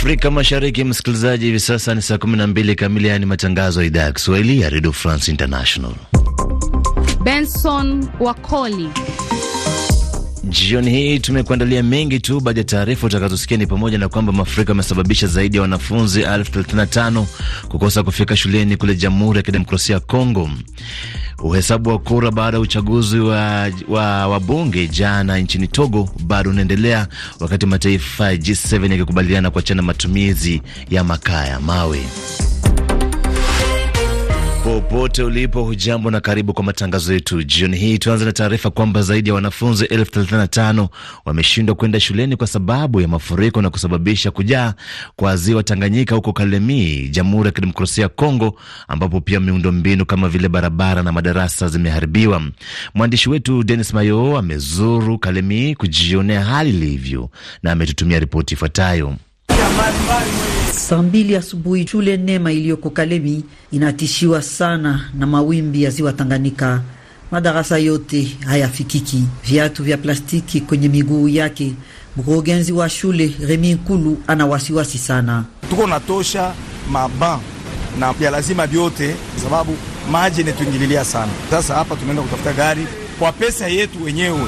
Afrika Mashariki, msikilizaji, hivi sasa ni saa 12 kamili, yaani matangazo ya idhaa ya Kiswahili ya redio France International. Benson Wakoli Jioni hii tumekuandalia mengi tu. Baada ya taarifa utakazosikia ni pamoja na kwamba mafuriko yamesababisha zaidi ya wanafunzi elfu thelathini na tano kukosa kufika shuleni kule Jamhuri ya Kidemokrasia ya Kongo. Uhesabu wa kura baada ya uchaguzi wa, wa wabunge jana nchini Togo bado unaendelea, wakati mataifa G7 yakikubaliana kuachana matumizi ya makaa ya mawe. Popote ulipo hujambo na karibu kwa matangazo yetu jioni hii. Tuanze na taarifa kwamba zaidi ya wanafunzi elfu thelathini na tano wameshindwa kwenda shuleni kwa sababu ya mafuriko na kusababisha kujaa kwa ziwa Tanganyika huko Kalemie, Jamhuri ya Kidemokrasia ya Kongo, ambapo pia miundombinu kama vile barabara na madarasa zimeharibiwa. Mwandishi wetu Denis Mayo amezuru Kalemie kujionea hali ilivyo na ametutumia ripoti ifuatayo. Saa mbili asubuhi, shule Nema iliyoko Kalemi inatishiwa sana na mawimbi ya ziwa Tanganyika. Madarasa yote hayafikiki, viatu vya plastiki kwenye miguu yake. Mkurugenzi wa shule Remi Nkulu ana wasiwasi sana. Tuko natosha maban na vya lazima vyote, kwa sababu maji inatuingililia sana. Sasa hapa tunaenda kutafuta gari kwa pesa yetu wenyewe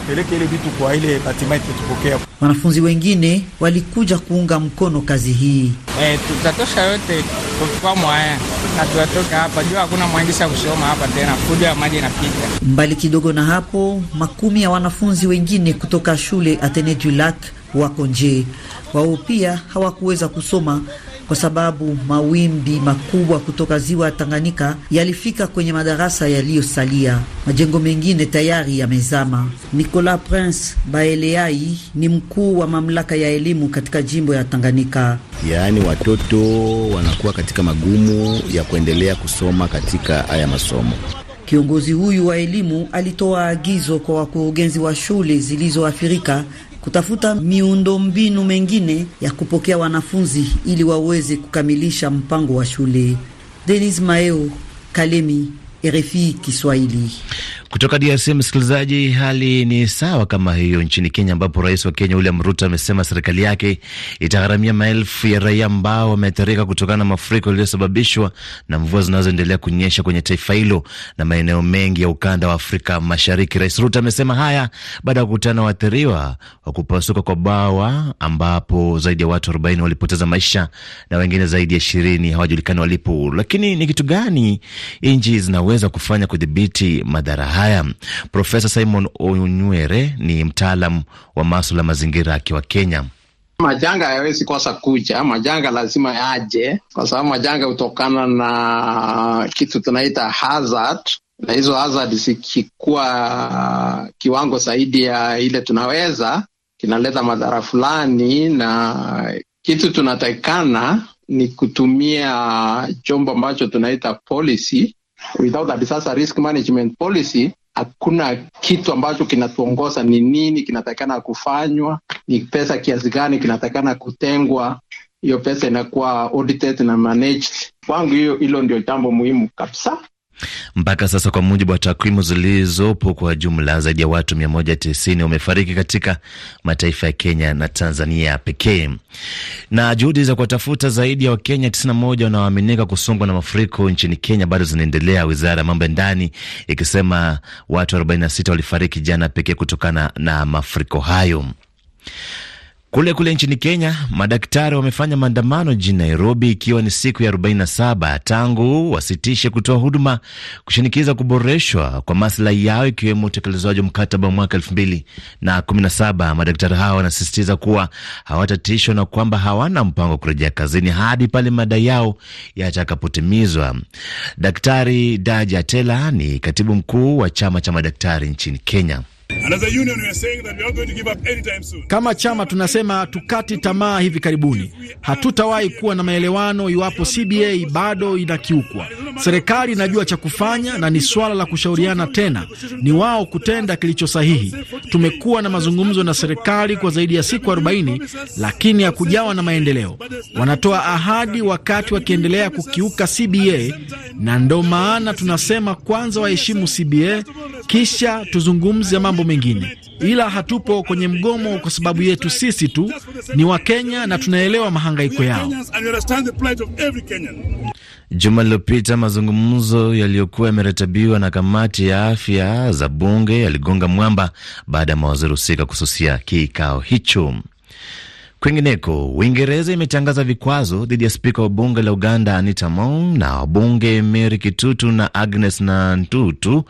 tupeleke vitu kwa ile batima itetupokea. Wanafunzi wengine walikuja kuunga mkono kazi hii. Eh, tutatosha yote kwa mwaya na tuwatoka hapa jua, hakuna mwandishi kusoma hapa tena, fujo ya maji inapita mbali kidogo. Na hapo makumi ya wanafunzi wengine kutoka shule Atene du Lac wako nje, wao pia hawakuweza kusoma kwa sababu mawimbi makubwa kutoka ziwa Tanganyika yalifika kwenye madarasa yaliyosalia. Majengo mengine tayari yamezama. Nicolas Prince Baeleai ni mkuu wa mamlaka ya elimu katika jimbo ya Tanganyika. Yaani watoto wanakuwa katika magumu ya kuendelea kusoma katika haya masomo. Kiongozi huyu wa elimu alitoa agizo kwa wakurugenzi wa shule zilizoathirika kutafuta miundombinu mengine ya kupokea wanafunzi ili waweze kukamilisha mpango wa shule. Denis Maeo, Kalemi, RFI Kiswahili. Kutoka DRC msikilizaji, hali ni sawa kama hiyo nchini Kenya, ambapo rais wa Kenya William Ruto amesema serikali yake itagharamia maelfu ya raia ambao wameathirika kutokana na mafuriko yaliyosababishwa na mvua zinazoendelea kunyesha kwenye taifa hilo na maeneo mengi ya ukanda wa Afrika Mashariki. Rais Ruto amesema haya baada ya kukutana na waathiriwa wa kupasuka kwa bawa, ambapo zaidi ya watu 40 walipoteza maisha na wengine zaidi ya ishirini hawajulikani walipo. Lakini ni kitu gani nchi zinaweza kufanya kudhibiti madhara haya. Profesa Simon Onywere ni mtaalam wa maswala mazingira akiwa Kenya. Majanga hayawezi kosa kuja, majanga lazima yaje, kwa sababu majanga hutokana na kitu tunaita hazard, na hizo hazard zikikuwa kiwango zaidi ya ile tunaweza, kinaleta madhara fulani, na kitu tunatakikana ni kutumia chombo ambacho tunaita policy without a disaster risk management policy hakuna kitu ambacho kinatuongoza, ni nini kinatakikana kufanywa, ni pesa kiasi gani kinatakikana kutengwa, hiyo pesa inakuwa audited na managed. Kwangu hiyo hilo ndio jambo muhimu kabisa mpaka sasa kwa mujibu wa takwimu zilizopo, kwa jumla zaidi ya watu 190 wamefariki katika mataifa ya Kenya na Tanzania pekee. Na juhudi za kuwatafuta zaidi ya Wakenya 91 wanaoaminika kusongwa na mafuriko nchini Kenya bado zinaendelea, wizara ya mambo ya ndani ikisema watu 46 walifariki jana pekee kutokana na mafuriko hayo. Kule kule nchini Kenya, madaktari wamefanya maandamano jijini Nairobi, ikiwa ni siku ya 47 tangu wasitishe kutoa huduma kushinikiza kuboreshwa kwa maslahi yao, ikiwemo utekelezaji wa mkataba wa mwaka 217 Madaktari hao wanasisitiza kuwa hawatatishwa na kwamba hawana mpango wa kurejea kazini hadi pale madai yao yatakapotimizwa. Daktari Daja Atela ni katibu mkuu wa chama cha madaktari nchini Kenya. Kama chama tunasema tukati tamaa hivi karibuni. Hatutawahi kuwa na maelewano iwapo CBA bado inakiukwa. Serikali inajua cha kufanya, na ni swala la kushauriana tena, ni wao kutenda kilicho sahihi. Tumekuwa na mazungumzo na serikali kwa zaidi ya siku 40, lakini hakujawa na maendeleo. Wanatoa ahadi wakati wakiendelea kukiuka CBA, na ndo maana tunasema kwanza waheshimu CBA kisha tuzungumze mambo mengine, ila hatupo kwenye mgomo kwa sababu yetu sisi tu, ni Wakenya na tunaelewa mahangaiko yao. Juma lililopita mazungumzo yaliyokuwa yameratibiwa na kamati ya afya za bunge yaligonga mwamba baada ya mawaziri husika kususia kikao hicho. Kwingineko, Uingereza imetangaza vikwazo dhidi ya spika wa bunge la Uganda Anita Mong na wabunge Mary Kitutu na Agnes Nantutu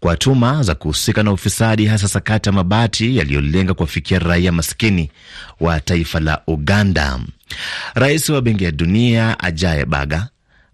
kwa tuma za kuhusika na ufisadi, hasa sakata mabati yaliyolenga kuwafikia raia maskini wa taifa la Uganda. Rais wa Benki ya Dunia Ajaye Baga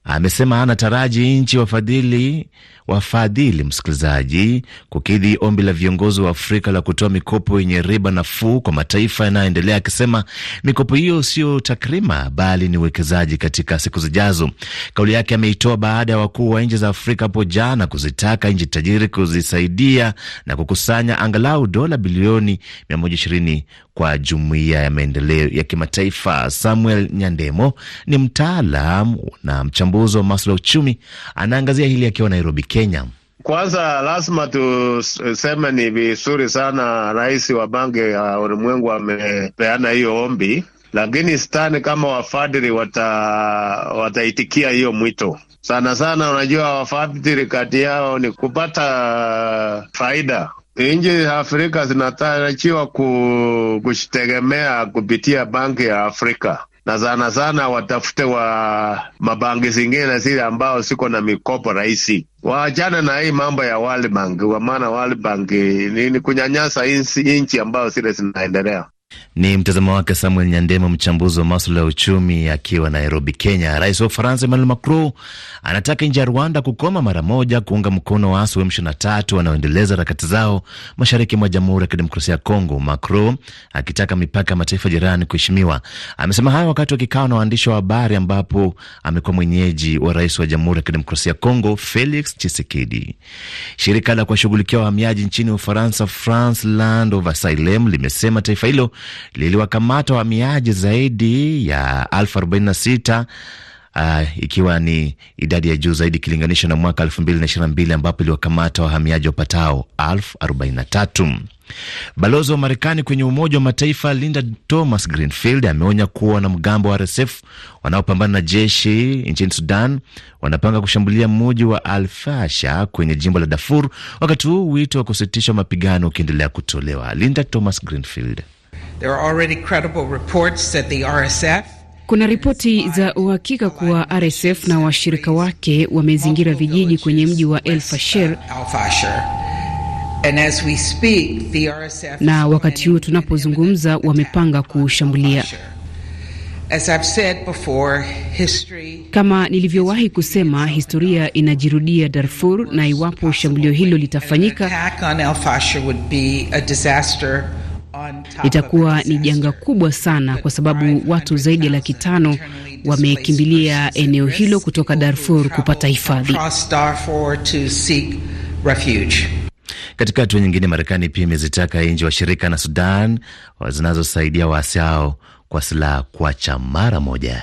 amesema taraji nchi wafadhili wafadhili msikilizaji, kukidhi ombi la viongozi wa Afrika la kutoa mikopo yenye riba nafuu kwa mataifa yanayoendelea, akisema mikopo hiyo sio takrima, bali ni uwekezaji katika siku zijazo. Kauli yake ameitoa baada ya wakuu wa nchi za Afrika hapo jana kuzitaka nchi tajiri kuzisaidia na kukusanya angalau dola bilioni 120 kwa jumuiya ya maendeleo ya kimataifa. Samuel Nyandemo ni mtaalam na mchambuzi mchambuzi wa maswala ya uchumi, anaangazia hili akiwa Nairobi, Kenya. Kwanza lazima tuseme ni vizuri sana rais wa Banki ya uh, Ulimwengu amepeana hiyo ombi, lakini stani kama wafadhili wataitikia wata hiyo mwito sana sana. Unajua, wafadhili kati yao ni kupata faida. Nchi za Afrika zinatarajiwa kushitegemea kupitia Banki ya Afrika na sana sana watafute wa mabangi zingine zile ambao siko na mikopo rahisi, waachane na hii mambo ya World Bank, kwa maana World Bank ni, ni kunyanyasa nchi ambayo zile zinaendelea. Ni mtazamo wake Samuel Nyandema, mchambuzi wa maswala ya uchumi, akiwa Nairobi, Kenya. Rais wa Ufaransa Emmanuel Macron anataka nchi ya Rwanda kukoma mara moja kuunga mkono waasi wa M23 wanaoendeleza harakati zao mashariki mwa Jamhuri ya Kidemokrasia ya Kongo, Macron akitaka mipaka ya mataifa jirani kuheshimiwa. Amesema hayo wakati wa kikao na waandishi wa habari ambapo amekuwa mwenyeji wa rais wa Jamhuri ya Kidemokrasia ya Kongo Felix Tshisekedi. Shirika la kuwashughulikia wahamiaji nchini Ufaransa France Land of Asylum limesema taifa hilo liliwakamata wahamiaji zaidi ya elfu arobaini na sita Uh, ikiwa ni idadi ya juu zaidi ikilinganishwa na mwaka 2022 ambapo iliwakamata wahamiaji wapatao 43. Balozi wa Marekani kwenye Umoja wa Mataifa Linda Thomas Greenfield ameonya kuwa wanamgambo wa RSF wanaopambana na jeshi nchini Sudan wanapanga kushambulia mji wa Alfasha kwenye jimbo la Darfur, wakati huu wito wa kusitisha mapigano ukiendelea kutolewa. Linda Thomas Greenfield There are already credible reports that the RSF kuna ripoti za uhakika kuwa RSF na washirika wake wamezingira vijiji kwenye mji wa El Fasher. Uh, na wakati huu tunapozungumza, wamepanga kuushambulia. Kama nilivyowahi kusema, historia inajirudia Darfur, na iwapo shambulio hilo litafanyika itakuwa ni janga kubwa sana, kwa sababu watu zaidi ya laki tano wamekimbilia eneo hilo kutoka Darfur kupata hifadhi. Katika hatua nyingine, Marekani pia imezitaka nchi washirika na Sudan zinazosaidia waasi hao kwa silaha kuacha mara moja.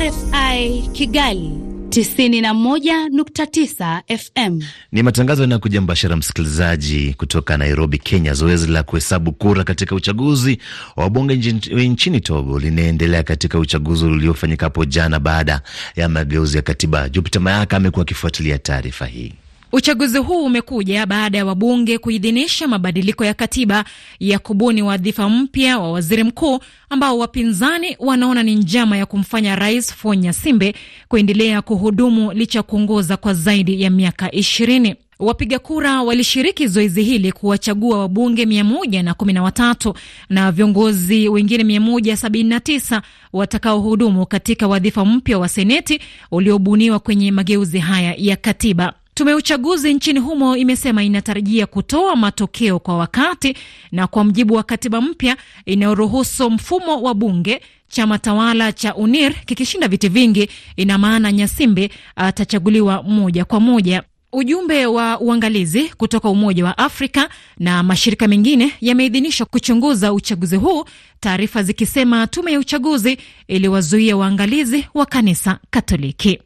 RFI Kigali 91.9 FM. Ni matangazo yanayokuja mbashara, msikilizaji, kutoka Nairobi, Kenya. Zoezi la kuhesabu kura katika uchaguzi wa bunge nchini Togo linaendelea katika uchaguzi uliofanyika hapo jana baada ya mageuzi ya katiba. Jupita Mayaka amekuwa akifuatilia taarifa hii. Uchaguzi huu umekuja baada ya wabunge kuidhinisha mabadiliko ya katiba ya kubuni wadhifa mpya wa waziri mkuu ambao wapinzani wanaona ni njama ya kumfanya Rais Fonya Simbe kuendelea kuhudumu licha ya kuongoza kwa zaidi ya miaka ishirini. Wapiga kura walishiriki zoezi hili kuwachagua wabunge 113 na viongozi wengine 179 watakaohudumu katika wadhifa mpya wa seneti uliobuniwa kwenye mageuzi haya ya katiba. Tume ya uchaguzi nchini humo imesema inatarajia kutoa matokeo kwa wakati na kwa mujibu wa katiba mpya inayoruhusu mfumo wa bunge. Chama tawala cha UNIR kikishinda viti vingi, ina maana Nyasimbe atachaguliwa moja kwa moja. Ujumbe wa uangalizi kutoka Umoja wa Afrika na mashirika mengine yameidhinishwa kuchunguza uchaguzi huu, taarifa zikisema tume ya uchaguzi iliwazuia waangalizi wa kanisa Katoliki.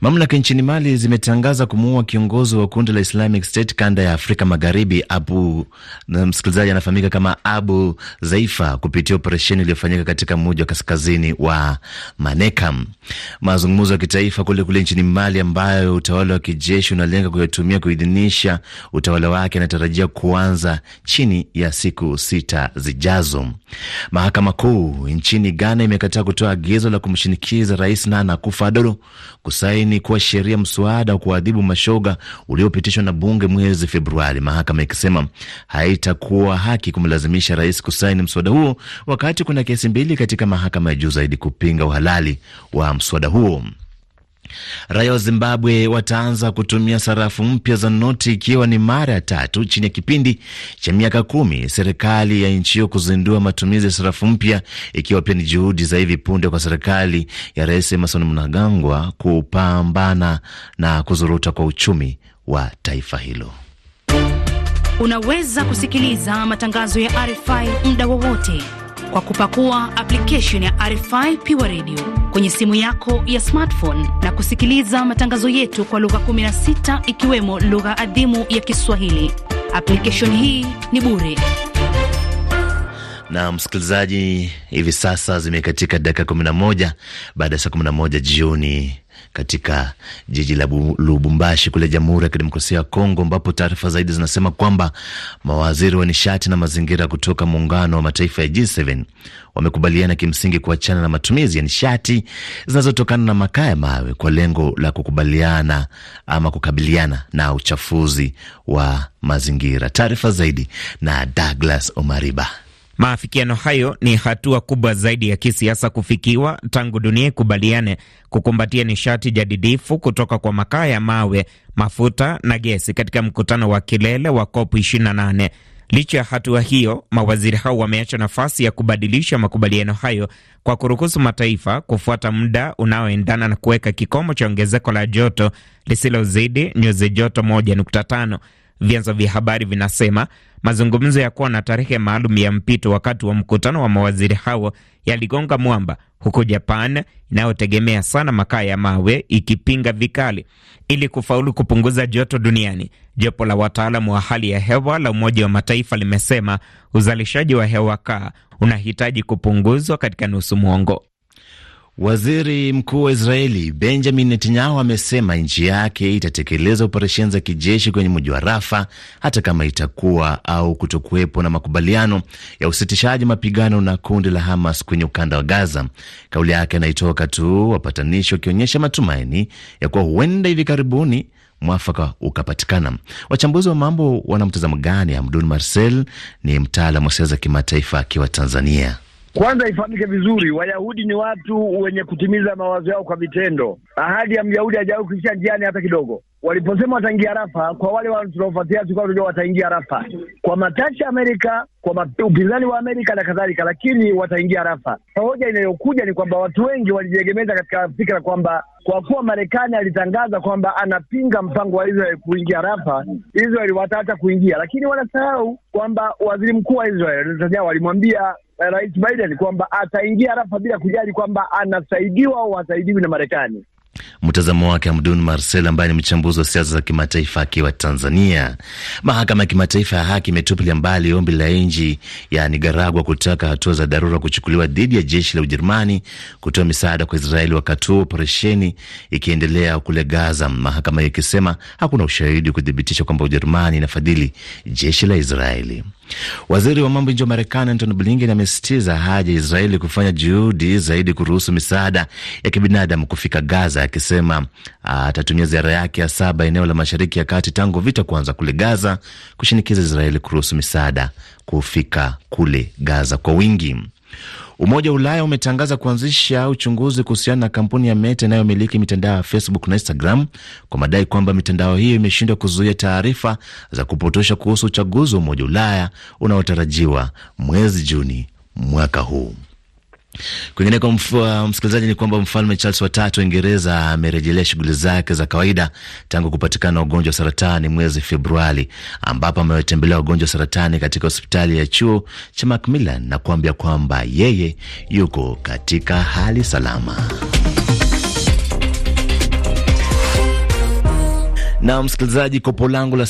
Mamlaka nchini Mali zimetangaza kumuua kiongozi wa kundi la Islamic State kanda ya Afrika Magharibi, Abu na msikilizaji anafahamika kama Abu Zaifa, kupitia operesheni iliyofanyika katika mji wa kaskazini wa Manekam. Mazungumzo ya kitaifa kule kule nchini Mali ambayo utawala wa kijeshi unalenga kuyatumia kuidhinisha utawala wake anatarajia kuanza chini ya siku sita zijazo. Mahakama Kuu nchini Ghana imekataa kutoa agizo la kumshinikiza Rais Nana Akufo-Addo kusaini ni kuwa sheria mswada wa kuadhibu mashoga uliopitishwa na bunge mwezi Februari, mahakama ikisema haitakuwa haki kumlazimisha rais kusaini mswada huo, wakati kuna kesi mbili katika mahakama ya juu zaidi kupinga uhalali wa mswada huo. Raia wa Zimbabwe wataanza kutumia sarafu mpya za noti ikiwa ni mara ya tatu chini ya kipindi cha miaka kumi, serikali ya nchi hiyo kuzindua matumizi ya sarafu mpya, ikiwa pia ni juhudi za hivi punde kwa serikali ya Rais Emmerson Mnangagwa kupambana na kuzuruta kwa uchumi wa taifa hilo. Unaweza kusikiliza matangazo ya RFI muda wowote kwa kupakua application ya RFI Pure Radio kwenye simu yako ya smartphone na kusikiliza matangazo yetu kwa lugha 16 ikiwemo lugha adhimu ya Kiswahili. Application hii ni bure. Na msikilizaji, hivi sasa zimekatika dakika 11 baada ya saa 11 jioni katika jiji la Lubumbashi kule Jamhuri ya Kidemokrasia ya Kongo, ambapo taarifa zaidi zinasema kwamba mawaziri wa nishati na mazingira kutoka muungano wa mataifa ya G7 wamekubaliana kimsingi kuachana na matumizi ya nishati zinazotokana na makaa ya mawe kwa lengo la kukubaliana ama kukabiliana na uchafuzi wa mazingira. Taarifa zaidi na Douglas Omariba. Maafikiano hayo ni hatua kubwa zaidi ya kisiasa kufikiwa tangu dunia ikubaliane kukumbatia nishati jadidifu kutoka kwa makaa ya mawe, mafuta na gesi katika mkutano wa kilele wa COP 28. Licha ya hatua hiyo, mawaziri hao wameacha nafasi ya kubadilisha makubaliano hayo kwa kuruhusu mataifa kufuata muda unaoendana na kuweka kikomo cha ongezeko la joto lisilozidi nyuzi joto 1.5. Vyanzo vya habari vinasema mazungumzo ya kuwa na tarehe maalum ya mpito wakati wa mkutano wa mawaziri hao yaligonga mwamba, huku Japan inayotegemea sana makaa ya mawe ikipinga vikali. Ili kufaulu kupunguza joto duniani, jopo la wataalamu wa hali ya hewa la Umoja wa Mataifa limesema uzalishaji wa hewa kaa unahitaji kupunguzwa katika nusu mwongo. Waziri mkuu wa Israeli Benjamin Netanyahu amesema nchi yake itatekeleza operesheni za kijeshi kwenye mji wa Rafa hata kama itakuwa au kutokuwepo na makubaliano ya usitishaji mapigano na kundi la Hamas kwenye ukanda wa Gaza. Kauli yake anaitoka tu wapatanishi wakionyesha matumaini ya kuwa huenda hivi karibuni mwafaka ukapatikana. Wachambuzi wa mambo wana mtazamo gani? Hamdun Marcel ni mtaalamu wa siasa za kimataifa akiwa Tanzania. Kwanza ifahamike vizuri, Wayahudi ni watu wenye kutimiza mawazo yao kwa vitendo. Ahadi ya Myahudi hajawahi kuisha njiani hata kidogo. Waliposema wataingia Rafa, kwa wale wa tunaofuatia, tunajua wataingia Rafa kwa matashi ya Amerika, kwa upinzani wa Amerika na kadhalika, lakini wataingia Rafa. Hoja inayokuja ni kwamba watu wengi walijiegemeza katika fikira kwamba kwa kuwa Marekani alitangaza kwamba anapinga mpango wa Israel kuingia Rafa, Israel wataacha kuingia, lakini wanasahau kwamba waziri mkuu wa Israel Netanyahu alimwambia Eh, Rais Biden kwamba ataingia Rafa bila kujali kwamba anasaidiwa au hasaidiwi na Marekani. Mtazamo wake Amdun Marcel, ambaye ni mchambuzi wa siasa za kimataifa akiwa Tanzania. Mahakama ya Kimataifa ya Haki imetupilia mbali ombi la nchi ya Nicaragua kutaka hatua za dharura kuchukuliwa dhidi ya jeshi la Ujerumani kutoa misaada kwa Israeli wakati huo operesheni ikiendelea kule Gaza, mahakama hiyo ikisema hakuna ushahidi kuthibitisha kwamba Ujerumani inafadhili jeshi la Israeli. Waziri wa mambo nje wa Marekani Antony Blinken amesisitiza haja ya Israeli kufanya juhudi zaidi kuruhusu misaada ya kibinadamu kufika Gaza, akisema ah, atatumia ziara yake ya saba eneo la Mashariki ya Kati tangu vita kuanza kule Gaza kushinikiza Israeli kuruhusu misaada kufika kule Gaza kwa wingi. Umoja wa Ulaya umetangaza kuanzisha uchunguzi kuhusiana na kampuni ya Meta inayomiliki mitandao ya Facebook na Instagram kwa madai kwamba mitandao hiyo imeshindwa kuzuia taarifa za kupotosha kuhusu uchaguzi wa Umoja wa Ulaya unaotarajiwa mwezi Juni mwaka huu. Kwingine kwa uh, msikilizaji ni kwamba mfalme Charles watatu wa Uingereza amerejelea shughuli zake za kawaida tangu kupatikana ugonjwa wa saratani mwezi Februari, ambapo amewatembelea wagonjwa wa saratani katika hospitali ya chuo cha Macmillan na kuambia kwamba yeye yuko katika hali salama. Na msikilizaji, kopo langu la